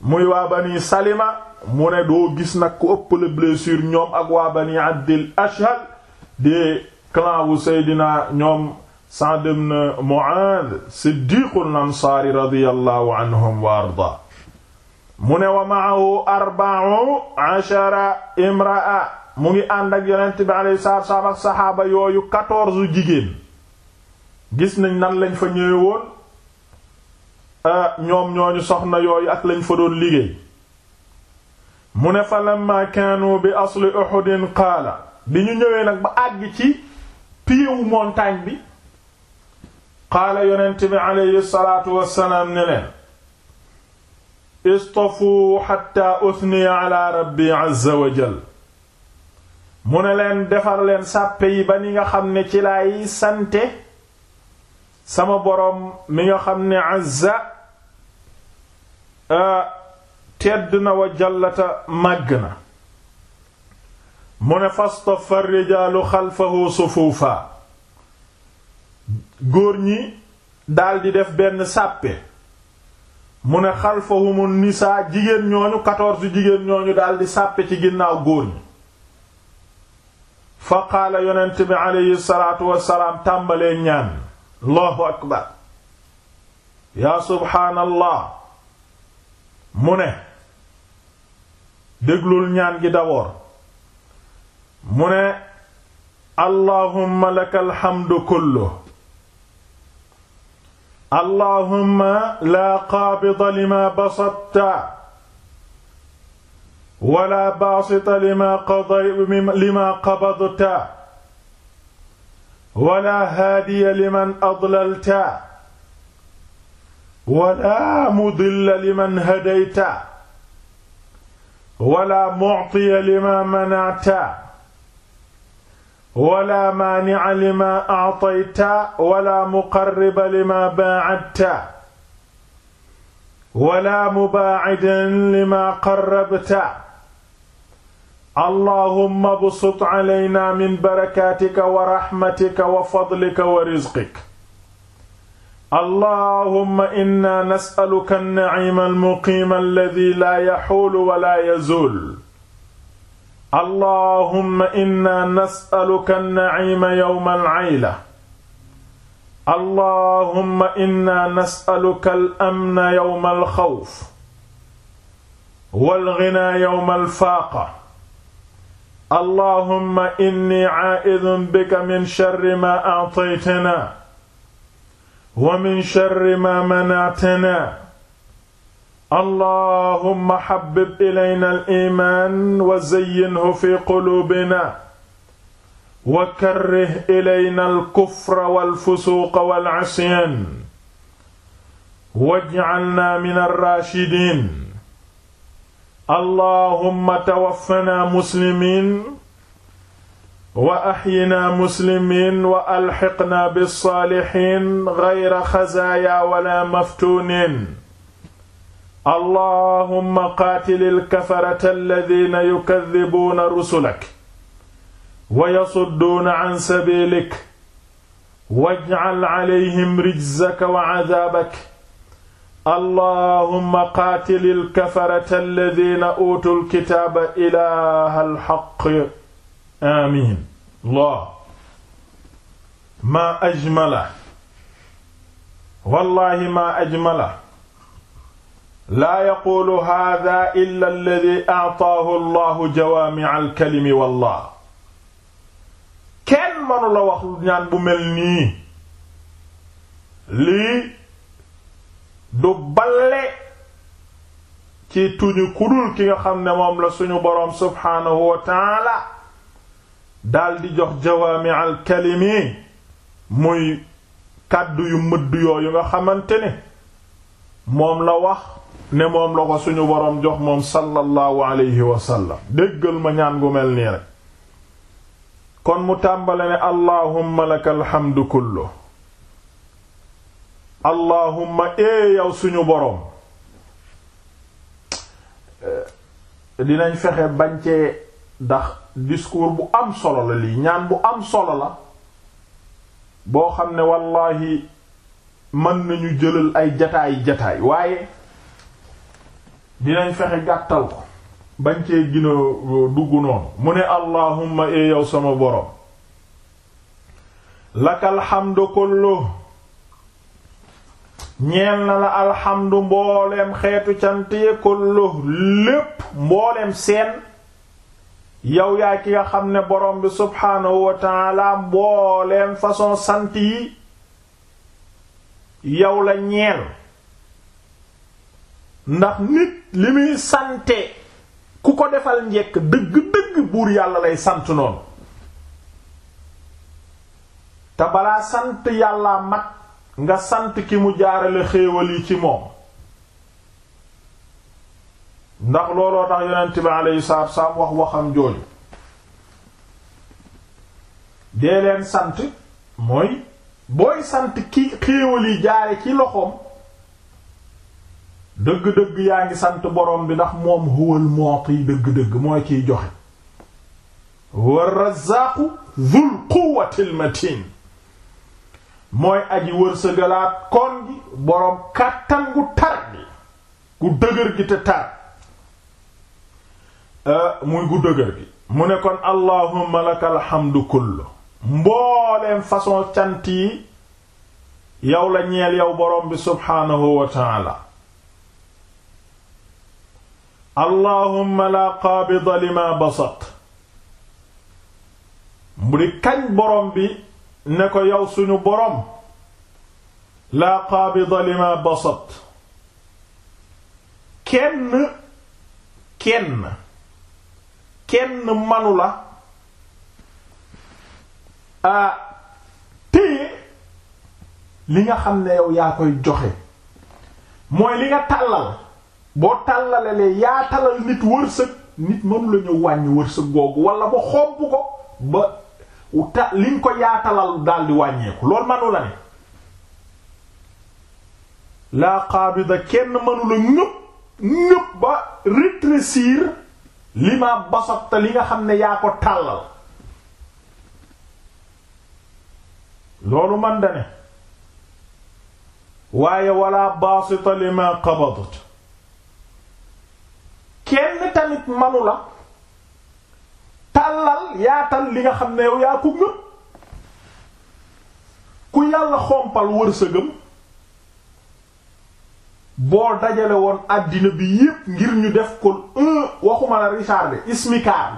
muy waa bani salima mu ne doo gis nag ku ëpp la blessure ñoom ak waa bani abdil ashhal di clan wu seydina ñoom Sa'd ibn Mu'adh siddiqul ansaari radiyallahu anhum wa arda mu ne wa ma'ahu mu ngi ànd ak yonent bi alayhi salaatu salaam ak saxaaba yooyu quatorze jigéen gis nañ nan lañ fa ñëwee woon euh, ñoom ñooñu soxna yooyu ak lañ fa doon liggéey mu ne fa lamma kaanu bi asli uhudin qaala bi ñu ñëwee nag ba àgg ci piiwu montagne bi qaala yonent bi alayhi salaatu wassalaam ne leen istafu hatta uthniya ala rabbi azza mu ne leen defar leen sàppe yi ba ni nga xam ne ci lay sante sama boroom mi nga xam ne azza euh, tedd na wa jallata màgg na mu ne fastafa rijaalu xalfahu sufuufa góor ñi daldi def benn sàppe mu ne xalfahumu nisaa jigéen ñooñu quatorze jigéen ñooñu daldi sàppe ci ginnaaw góor ñi fa qaala yonent bi aleyhi salaatu wassalaam tàmbalee ñaan allahu akbar yaa subhaanallah mu ne déglul ñaan gi d'abord mu ne allahumma laka alhamdu kullu allahumma laa qaabida lima basatta wala baasita lima lima qabadta wala haadiya liman adlalta wala mudilla liman hadayta wala muctiya lima manacta wala maanica lima actayta wala muqarriba lima baacadta wala mubaacidan lima qarrabta allahumma bsut alayna min barakaatika wa raxmatika wa fadlika wa rizqik allahumma inna nasaluka alnaciima almuqiima alladi laa yaxuulu wa laa yazuul allahumma inna nasaluka alnaciima yowma alcayla allahumma inna nasaluka alamna yowma alxawf walginaa yowma alfaaqa allahumma inni caa'idun bika min sharri maa actaytanaa wa min sharri maa manactanaa allahumma xabbib ilayna al-iimaan wa zayyinhu fi quluubinaa wa karrih ilayna al-kufra wal-fusuuqa wal-cisyaan wajcalnaa mina ar-raashidiin allahumma tawaffanaa muslimiin wa ahyinaa muslimiin wa alxiqnaa bissaalixiin gayra xazaayaa wala maftuuniin allahumma qaatilil kafarata alladiina yukaddibuuna rusulak wa yasudduuna can sabiilik wajcal calayhim rijzaka wa cadaabak allahumma qaatilil kafarata alladina utul kitaaba ilaahal xaq amiin loo maa ajmala wallaahi maa ajmala laa yaquulu haadaa illa alladii a'taahu allahu jawaami'al kalimi wallaahi kenn mënu la wax ñaan bu mel nii lii. du balle ci tuñu kudul ki nga xam ne moom la suñu boroom subhaanahu wa daldi jox jawaami al kalimi muy kàddu yu mëdd yooyu nga xamante ne moom la wax ne moom la ko suñu boroom jox moom sallallahu alayhi wa sallam déggal ma ñaan gu mel nii rek kon mu tàmbale ne allahumma lakal hamdu kullu allahumma ee eh, yow suñu boroom eh, dinañ fexe bañ ndax discours bu am solo la lii ñaan bu am solo la boo xam ne wallaahi mën nañu jëlal ay jataay jataay waaye dinañ fexe gàttal ko bañ cee gina euh, dugg noonu mu ne allahumma ee eh, yow sama boroom lakal hamdu kullu ñeel na la alhamdu mbooleem xeetu cant yi kullu lépp mbooleem seen yow yaa ki nga xam ne borom bi subhaanahu wa taala façon sant yi yow la ñeel ndax nit li muy sante ku ko defal njekk dëgg-dëgg buur yàlla lay sant noonu te balaa sant yàlla mat nga sant ki mu jaarale xéewal yi ci moom ndax looloo tax yonent bi alayhi salaatu wassalaam wax waxam jooju dee leen sant mooy booy sant ki xéewal yi jaare ci loxoom dëgg-dëgg yaa ngi sant borom bi ndax moom huwal mu'ti dëgg-dëgg mooy kiy joxe war razzaqu dhul quwwatil matin mooy aji wërsëgalaat kon gi boroom kàttan gu tar gi gu dëgër gi te tar euh, muy gu dëgër gi mu ne kon allahumma lakal hamdu kullu mbooleem façon cant yi yow la ñeel yow borom bi subhaanahu wa taala allahumma la qaabida lima basat mu di kañ boroom bi ne ko yow suñu boroom laa qaabida lima basat kenn kenn kenn manu la a téye li nga xam ne yow yaa koy joxe mooy li nga tàllal boo tàllalalee yaa tàllal nit wërsëg nit mënu la ñu wàññi wërsëg googu wala ba xobb ko ba ta liñ ko yaatalal daldi di wàññeeku loolu manu la ne laa qaabida kenn mënu la ñëpp ñëpp ba rétrécir li ma li nga xam ne yaa ko tàllal loolu man da ne waaye wala baasita li ma qabadat kenn tamit manu la tàllal yaatal li nga xam ne yow yaa ko ngëm ku yàlla xompal wërsëgam boo dajale woon àddina bi yépp ngir ñu def ko un waxuma la richard de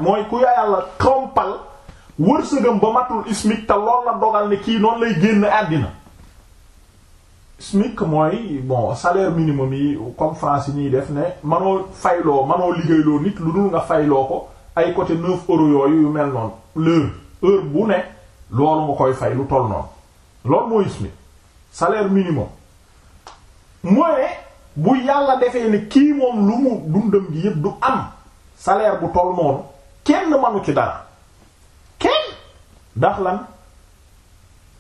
mooy ku yàlla xompal wërsëgam ba matul ismik te lool la dogal ne kii noonu lay génn àddina SMIC mooy bon salaire minimum yi comme France yi ñuy def ne manoo fayloo manoo liggéeyloo nit lu dul nga fayloo ko ay côté 9 euros yooyu yu mel noonu l'heure heure bu ne loolu nga koy fay lu toll noonu loolu mooy ismi salaire minimum mooy bu yàlla defee ne kii moom lu mu dundam gi yëpp du am salaire bu toll noonu kenn manu ci dara kenn ndax lan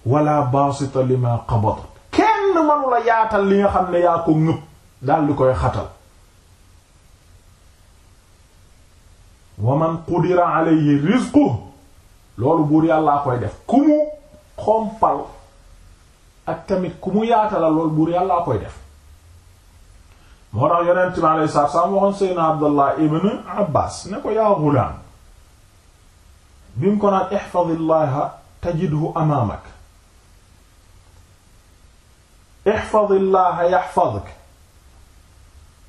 wala basita li ma qabad kenn manu la yaatal li nga xam ne yaa ko ngëp daal di koy xatal wa man qudira alayhi rizquhu loolu buur yàllaa koy def ku mu xompal ak tamit ku mu yaatala loolu buur yàllaa koy def moo tax yonent mi alayhi salaatu salaam waxoon Seydina Abdallah ibn Abbas ne ko yaa gulaam bi mu ko naan ihfazillaha tajidhu amaamak ihfazillaha yahfazuk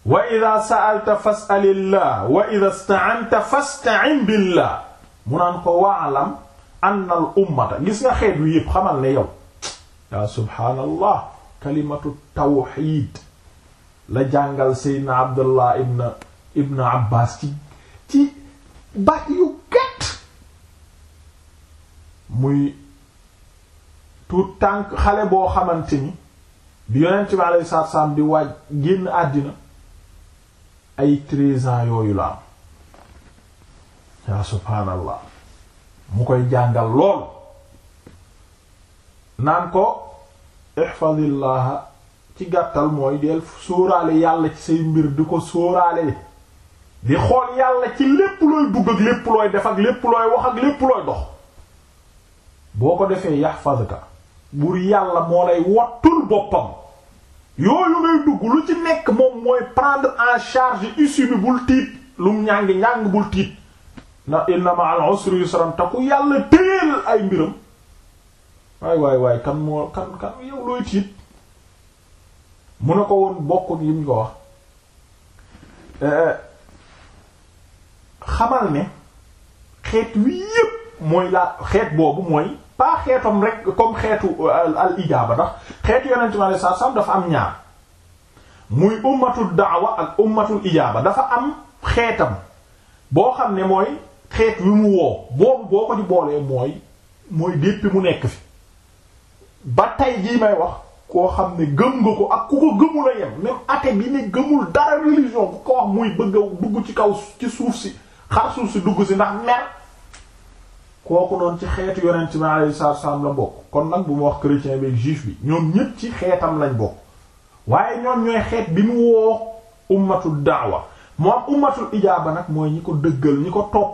wa ida sa'alta fas'alillah wa ida sta'anta fasta'in billah mu naan ko waalam anna al ummata gis nga xeet wi yëpp xamal ne yow yaa subhaanallah kalimatu tawxiid la jàngal seydna abdullah ibn ibn abbas ci ci baat yu gàtt muy tout tànk xale boo xamante ni bi yonent bi alayhi salaatu salaam di waaj génn àddina ay trésor yooyu la am yaa subhaanallah mu koy jàngal lool naan ko ihfazillah ci gàttal mooy deel sóoraale yàlla ci say mbir di ko sóoraale di xool yàlla ci lépp looy dugg ak lépp looy def ak lépp looy wax ak lépp looy dox boo ko defee ka buur yàlla moo lay wattul boppam yooyu ngay dugg lu ci nekk moom mooy prendre en charge issue bi bul tiit lum ñàngi ñàng bul tiit na inna ma'al usri yusran te ku yàlla téyeel ay mbiram waay waay waay kan moo kan kan yow looy tiit mu ne ko woon bokkut yi mu ko wax eh, eh, xamal ne xeet wi yépp mooy laa xeet boobu mooy pas xeetam rek comme xeetu euh, al ijaaba ndax xeetu yonent bi alayhi salaam dafa am ñaar muy ummatul daawa ak ummatul ijaaba dafa am xeetam boo xam ne mooy xeet wi mu woo boobu boo ko ci boolee mooy mooy déppi mu nekk fi ba tey jii may wax koo xam ne gëm nga ko ak ku ko gëmul a yem même athée bi ne gëmul dara religion ku ko wax muy bëgg a dugg ci kaw ci suuf si xar suuf si dugg si ndax mer kooku doon ci xeetu yonent bi alayhi salaatu la bokk kon nag bu mu wax chrétien bi juif bi ñoom ñépp ci xeetam lañ bokk waaye ñoom ñooy xeet bi mu woo ummatul daawa moom ummatul ijaaba nag mooy ñi ko dëggal ñi ko topp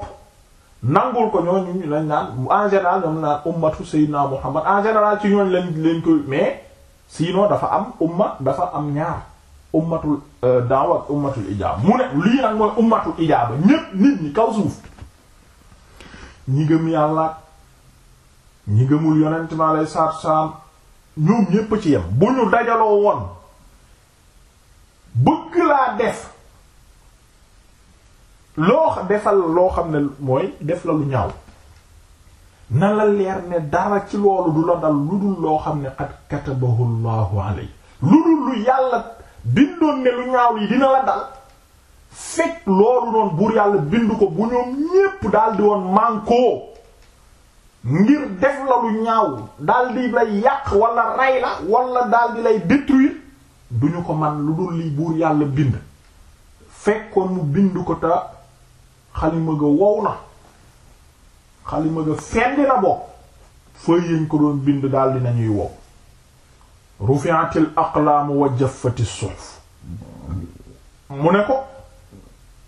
nangul ko ñooñu ñu lañ naan en général ñoom naan ummatu sayyidina Muhammad en général ci ñooñ lañ leen koy mais sinon dafa am umma dafa am ñaar ummatul euh, daawa ak ummatul ijaaba mu ne lii nag mooy ummatul ijaaba ñépp nit ñi kaw suuf ñi gëm yàlla ñi gëmul yonent mi aleyhi salaatu salaam ñoom ci yem bu ñu dajaloo woon bëgg laa def loo defal loo xam ne mooy def la lu ñaaw na la leer ne dara ci loolu du la dal lu dul loo xam ne qad katabahu Allahu alay lu dul lu yàlla bindoon ne lu ñaaw yi dina la dal fekk loolu noonu buur yàlla bind ko bu ñoom ñépp daldi woon mànkoo ngir def la lu ñaaw daldi lay yàq wala rey la wala daldi lay détruire du ñu ko man lu dul li buur yàlla bind fekkoon mu bind ko te xalima ga wow na xalima ga fendi na bokk fëy yañ ko doon bind daldi nañuy wow rufi'atil aqlaam wa jaffati suhuf mu ne ko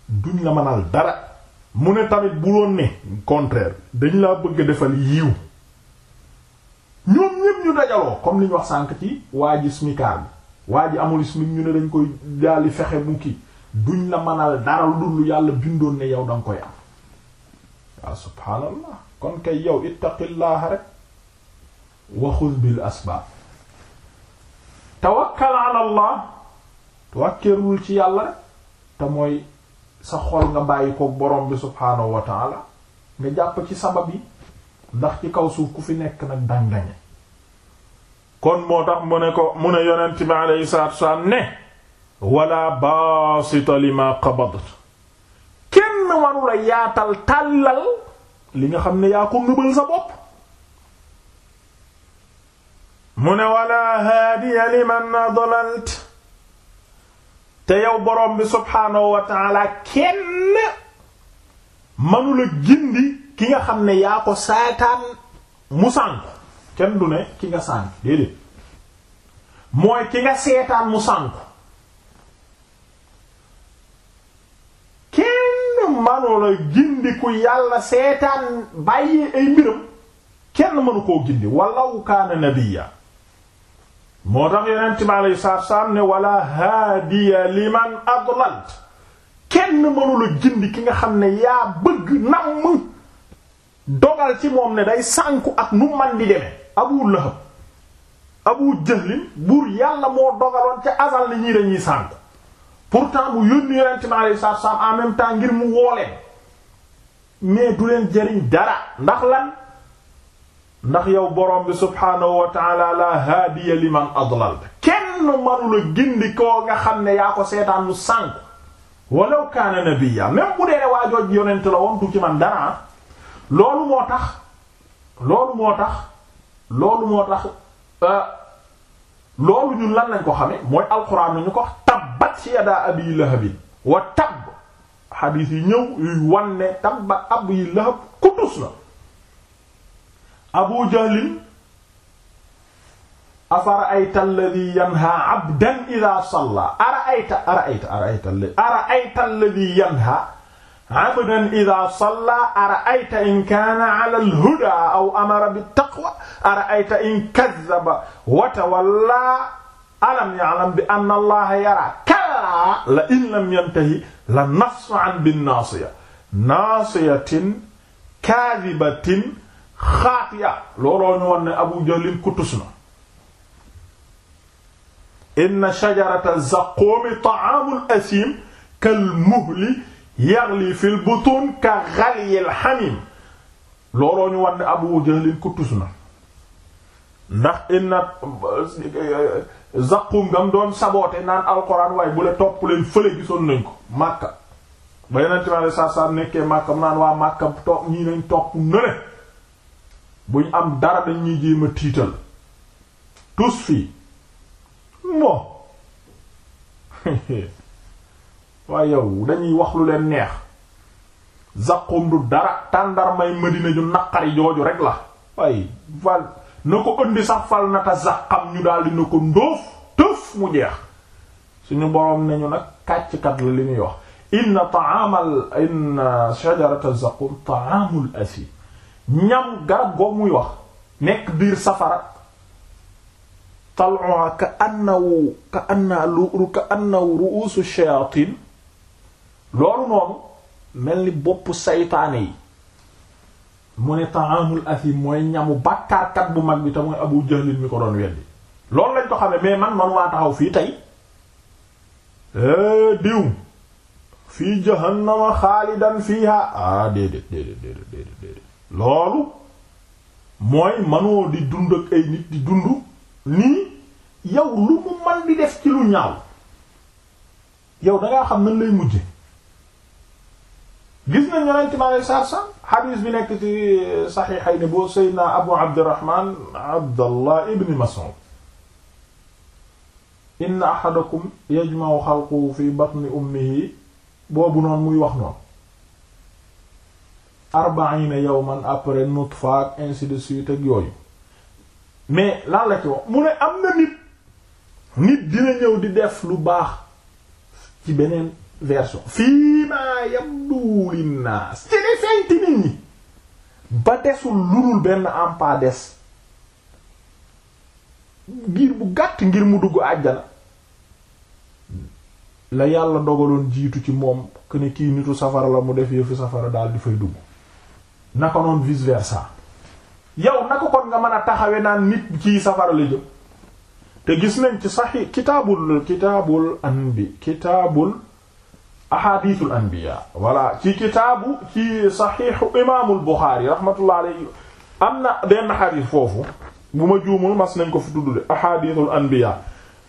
duñ la mënal dara mu ne tamit bu doon ne contraire dañ laa bëgg defal yiw ñoom ñépp ñu dajaloo comme li wax sànq ci waa ji smikaar waa ji amul smik ñu ne dañ koy daldi fexe mu ki duñ la mënal dara lu dul yàlla bindoon ne yow danga koy am waaw subhaanallah kon kay yow ittaqillaha rek wa bil asbaab tawakkal ala ci yàlla rek te mooy sa xool nga bàyyi ko borom bi subhaanahu wa taala nga jàpp ci sabab yi ndax ci kaw suuf ku fi nekk nag dang kon moo tax mu ne ko mu ne yonent bi alayhi salaatu ne wala baasita li ma qabadat kenn warula yaatal tàllal li nga xam ne yaa ko nëbal sa bopp mu ne wala haadiya liman adlalta te yow borom bi subhaanahu wa taala kenn manula gindi ki nga xam ne yaa ko saataan mu sànk kenn du ne ki nga sànk déedéet mooy ki nga seetaan mu sànk kenn manula gindi ku yàlla seetaan bàyyi ay mbiram kenn mënu koo gindi walaw kaana nabiyya moo tax yonent bi alayhi salaatu wasalaam ne wala haadiya liman adlalt kenn mënula gindi ki nga xam ne yaa bëgg namm dogal ci moom ne day sànku ak nu man di deme Abu Lahab Abu Jahlin buur yàlla moo dogaloon ca asal ni ñii dañuy pour pourtant mu yónni yonent bi alayhi salaatu wasalaam en même temps ngir mu wooleen mais du leen jariñ dara ndax lan ndax yow borom bi subhaanahu wa taala la haadiya liman adlal kenn manula gindi nga xam ne yaa ko seetaan mu sànk walaw kaana nabiyya même bu dee yonent la woon du ci man dara loolu moo tax loolu moo tax loolu moo tax euh, loolu ñun lan lañ ko xamee mooy alxuraan nañu ko tabbat ci yadaa abi lahabin wa tabb xadiis yi ñëw yuy wan ne tabbat abi lahab kutus la abu jahlin afara ayta alladhi yanha abdan idha salla ara ayta ara ayta ara ayta ara ayta alladhi yanha abdan idha salla ara ayta in kana ala alhuda aw amara bittaqwa ara ayta in kadhaba wa tawalla alam ya'lam bi anna allaha yara kalla la in lam yantahi la nafsu an bin nasiya nasiyatin kadhibatin xaatiya looloo ñu won abu jahlin kutus na inna shajarata zaqoomi ta'aamul asiim kal muhli yaghli fil butuun ka ghalyil hamiim looloo ñu won abu jahlin kutus na ndax inna zaqum ngam doon saboote naan alxuraan waaye bu le topp leen fële gisoon nañ ko Makka ba yeneen time ale nekkee Makka mu naan waa Makka topp ñii nañ topp nële buñ am dara dañ ñuy jéem tiital tous fii moo waaye yow dañuy wax lu leen neex zaqum du dara tàndarmay Madina ju naqari jooju rek la waaye val na ko ëndi sax fal nata zaqam ñu daal di na ko ndóof tëf mu jeex suñu boroom nañu nag kàcckat la li muy wax inna taamal inna shajarata zaqum taamul asim ñam garab goog muy wax nekk biir safara tal'uha ka annahu ka anna lu ka annahu ru'usu shayatin loolu noonu mel ni bopp saytaane yi mu ne ta'amul asim mooy ñamu bàkkaarkat bu mag bi te mooy Abu Jahl mi ko doon weddi loolu lañ ko xamee mais man man waa taxaw fii tey eh, diw fii jahannama xaalidan fiiha ah déedéet déedéet déedéet loolu mooy manoo di dund ak ay nit di dund nii yow lu mu man di def ci lu ñaaw yow dangaa xam nan lay mujje gis nañ yonent ma lay saar sax xadiis bi nekk ci saxiixay ni boo Seydina Abu Abdirahman Abdallah ibn Mas'ud inna ahadakum yajma'u xalquhu fi batni ummihi boobu noonu muy wax noonu arbaina yawman après nutfa ak ainsi de suite ak yooyu mais lan la ci wax mu ne am na nit nit dina ñëw di def lu baax ci beneen version fii ma yabdu linnaas ci ni fenti nit ñi ba desul lurul benn ampa des ngir bu gàtt ngir mu dugg àjjana la yàlla dogaloon jiitu ci moom que ne kii nitu safara la mu def yëfu safara daal di fay dugg naka noonu vice versa yow naka kon nga mën a taxawe naan nit ci safara la te gis nañ ci saxi kitaabul kitaabul anbi kitaabul ahadithul anbiya voilà ci kitaabu ci saxiixu imaamul buxaari rahmatullah am na benn xadiis foofu bu ma juumul mas nañ ko fi tuddule ahadithul anbiya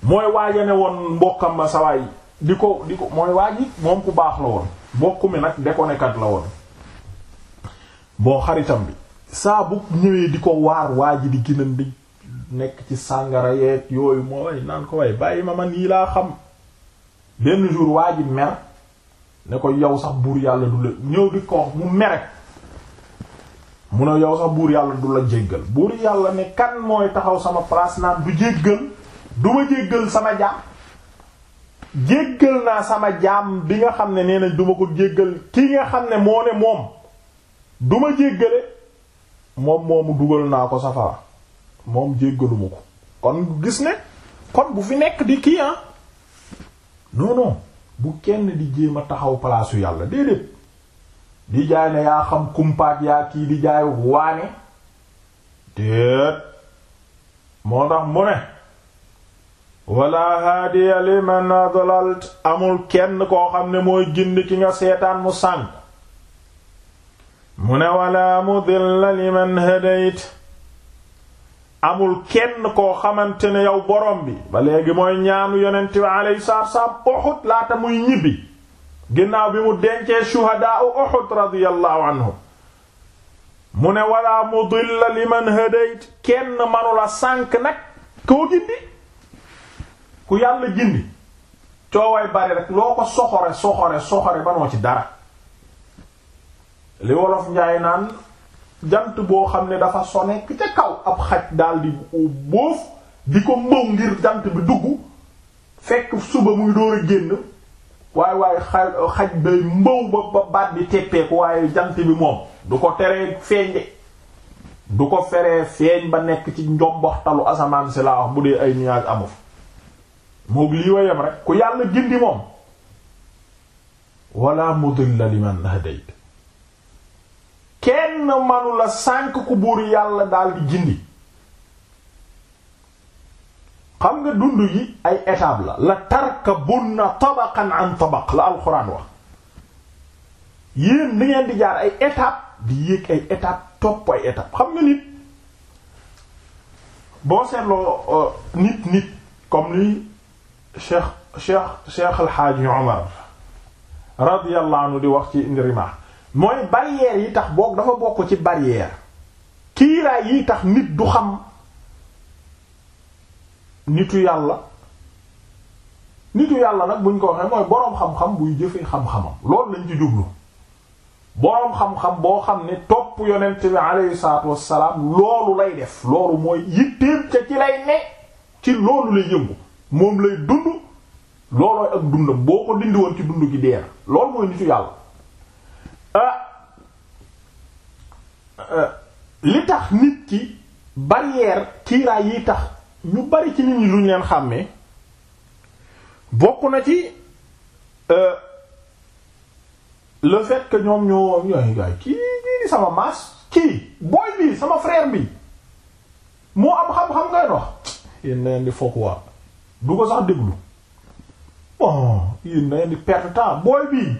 mooy waaja ne woon mbokkam ma sawaay di ko di ko mooy waaji moom ku baax la woon mbokk mi nag dekonekat la woon bon xaritam bi saabu bu ñëwee di ko waar waa ji di ginan di nekk ci sàngara yeeg yooyu moo way naan ko way bàyyi ma man yi laa xam benn jour waa ji mer ne ko yow sax buur yàlla du la di ko mu mere mu ne yow buur yàlla du la jéggal buur yàlla ne kan mooy taxaw sama place naan du jéggal du ma jéggal sama jaam jéggal naa sama jaam bi nga xam ne nee nañ du ma ko jéggal ki nga xam ne moo ne moom du ma jéggale moom moomu dugal naa ko safara moom jéggaluma ko kon gis ne kon bu fi nekk di kii ah non bu kenn di jéem a taxaw palaasu yàlla déedéet di jaay ne yaa xam kumpaat yaa kii di jaay waane déet moo tax mu ne wala haadiya liman adlalt amul kenn koo xam ne mooy gind ki nga seetaan mu sànk mu ne walaa mudilla liman hadayt amul kenn koo xamante ne yow borom bi ba léegi mooy ñaanu yonent bi alayhi salaatu salaam Uhud laata muy ñibbi ginnaaw bi mu dencee shuhadaa u Uhud radiyallahu anhu mu ne walaa mudilla liman hadayt kenn manula sànk nag koo gindi ku yàlla gindi cooway bari rek loo ko soxore soxore soxore banoo ci dara li wolof njaay naan jant boo xam ne dafa sone ca kaw ab xaj daal di bóof di ko mbëw ngir jant bi dugg fekk suba muy door a génn waaye waaye xaj day mbëw ba baat bi teppeeku waaye jant bi moom du ko teree feeñ de du ko feree feeñ ba nekk ci njomboxtalu asamaan si laa wax bu dee ay nuage amu moog lii wayam rek ku yàlla gindi moom wala mudilla liman hadayt kenn manu la sànk ku buur yàlla daal di gindi xam nga dund yi ay étape la la tarkabunna tabaqan an tabaq la alxuraan wa yéen di ngeen di jaar ay étape di yéeg ay étape topp ay étape xam nga nit boo seetloo euh, nit nit comme ni cheikh cheikh cheikh alxaaji Omar radiyallahu anhu di wax ci Ndrima mooy barrière yi tax boo dafa bokk ci barrière kiiraay yi tax nit du xam nitu yàlla nitu yàlla nag buñ ko waxee mooy boroom xam-xam buy jëfee xam-xamam loolu lañ ci jublu boroom xam-xam boo xam ne topp yonent bi alayhi salaatu wassalaam loolu lay def loolu mooy yitteem ca ci lay ne ci loolu lay yëngu moom lay dund loolooy ak dundam boo ko dindi woon ci dund gi deer loolu mooy nitu yàlla Ah. Euh, li tax nit ki barrière kiiraay yi tax ñu bari ci nit ñi duñ leen xàmmee bokk na ci euh, le fait que ñoom ñoo ñooy gaay kii kii di sama maas kii booy bi sama frère bi moo am xam-xam ngay wax yéen na ngeen di fokk waa du ko sax déglu bon yéen na ngeen di perte temps booy bii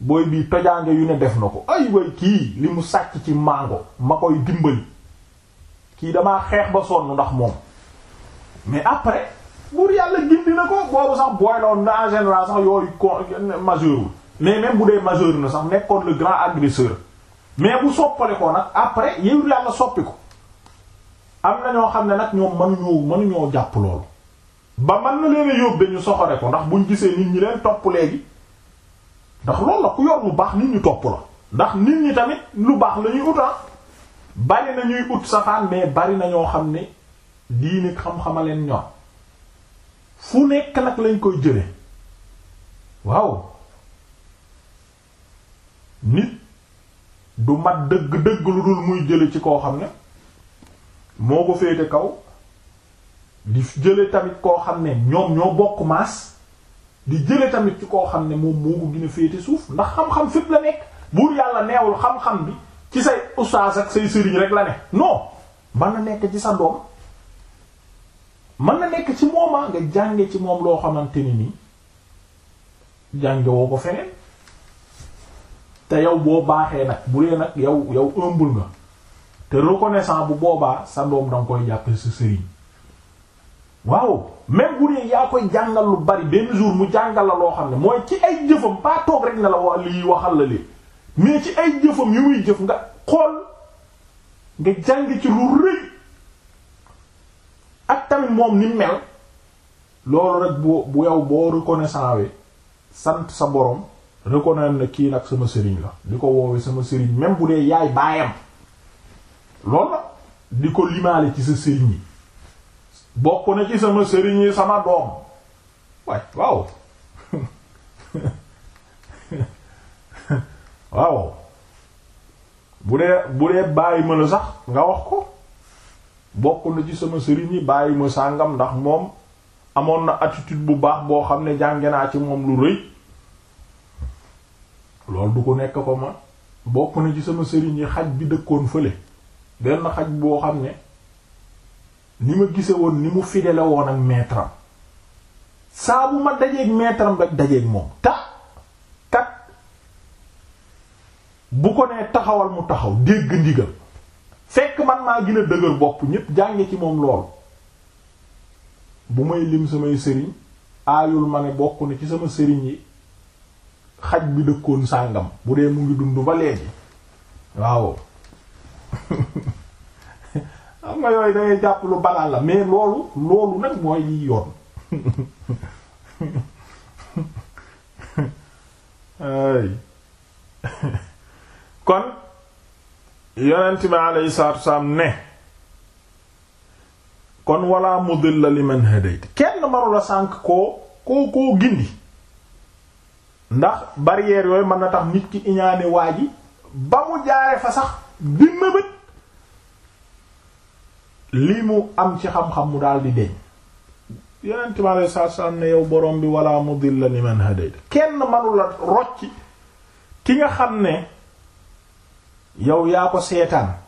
booy bii tojaange yu ne def na ko ay way kii li mu sàcc ci mango ma koy dimbali kii damaa xeex ba sonn ndax moom mais après buur yàlla gindi na ko boobu sax booy la woon na en général sax yooyu con majeur mais même bu dee majeur na sax nekkoon le grand agresseur mais bu soppale ko nag après yow yàlla soppi ko am na ñoo xam ne nag ñoom mënuñoo mënuñoo jàpp loolu ba man na leen a yóbbee ñu soxore ko ndax buñ gisee nit ñi leen topp léegi. ndax loolu la ku yor lu baax nit ñu topp la ndax nit ñi tamit lu baax la ñuy ut ah. bari na ñuy ut safaan mais bari na ñoo xam ne diine xam-xama leen ñoom fu nekk nag lañ koy jële waaw nit du mat dëgg-dëgg lu dul muy jële ci koo xam ne moo ko féete kaw di jële tamit koo xam ne ñoom ñoo bokk maas di jële tamit ci koo xam ne moom moo ko gën féete suuf ndax xam-xam fépp la nekk buur yàlla neewul xam-xam bi ci say ustaas ak say sëriñ rek la ne non mën na nekk ci sa doom mën na nekk ci mooma nga jànge ci moom loo xamante ni nii jànge woo ko feneen te yow boo baaxee nag bu dee nag yow yow ëmbul nga te reconnaissant bu boobaa sa doom danga koy jàppe sa sëriñ waaw même bu dee yaa koy jàngal lu bari benn jour mu jàngal la loo xam ne mooy ci ay jëfam pas toog rek ne la wa lii waxal la lii mais ci ay jëfam yu muy jëf nga xool nga jàng ci lu rëy ak tamit moom ni mel loolu rek bu bu yow boo reconnaissant we sant sa borom reconnaître na kii nag sama sëriñ la di ko woowe sama sëriñ même bu dee yaay baayam loolu la di ko limaale ci sa sëriñ yi bokk na ci sama sëriñ sama doom waay waaw waaw bu dee bu dee bàyyi ma la sax nga wax ko bokk na ci sama sëriñ yi bàyyi ma sàngam ndax moom amoon na attitude bu baax boo xam ne jànge naa ci moom lu rëy loolu du ko nekk ko ma bokk na ci sama sëriñ yi xaj bi dëkkoon fële benn xaj boo xam ne ni ma gise woon ni mu fidèle woon ak maître am ma dajeeg maître am rek dajeeg moom ta kat bu ko nee taxawal mu taxaw dégg ndigal fekk man maa gën a dëgër bopp ñépp jànge ci moom lool bu may lim samay sëriñ aayul ma ne bokk na ci sama sëriñ yi xaj bi dëkkoon sàngam bu dee mu ngi dund ba léegi waaw xam yooy yooyu dangay jàpp lu banal la mais loolu loolu nag mooy liy yoon ay kon yonent bi alayhi salaatu wasalaam ne kon wala mudilla liman hadayt kenn marula sànk koo koo koo gindi ndax barrière yooyu mën na tax nit ki iñaane waa ji ba mu jaare fa sax di mëbët lii mu am ci xam-xam mu daal di deñ yonent bi alei saatu salaam ne yow borom bi wala mudilla liman hadayt kenn manula rocci ki nga xam ne yow yaa ko seetaan